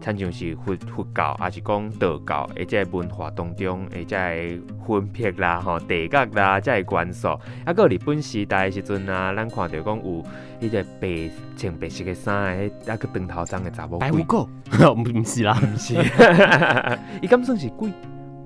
親像是佛教，還是講道教，或者文化當中的這些，或者分派啦、吼地格啦，元素。啊，還有日本時代的時陣啊，咱看到講有，伊個白穿白色嘅衫、啊，還、那、啊個長頭髮嘅查某。白骨？唔 哦、唔是啦，唔是。伊咁算是鬼？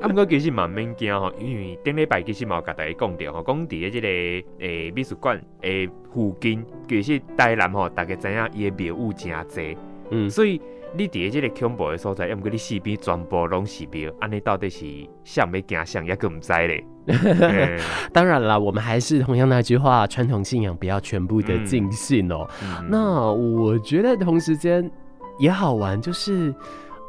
啊，不過 其實嘛免驚吼，因為頂禮拜其實冇甲大家講到，我講佇個即個誒美術館誒附近，其實台南吼，大家知影伊誒廟有真多，嗯，所以你佇個即個恐怖誒所在，又唔夠你四邊全部攏是廟，安尼到底是想咩驚想，一個唔知道咧。 嗯、當然啦，我們還是同樣那句話，傳統信仰不要全部的盡信哦、喔。嗯嗯、那我覺得同時間也好玩，就是。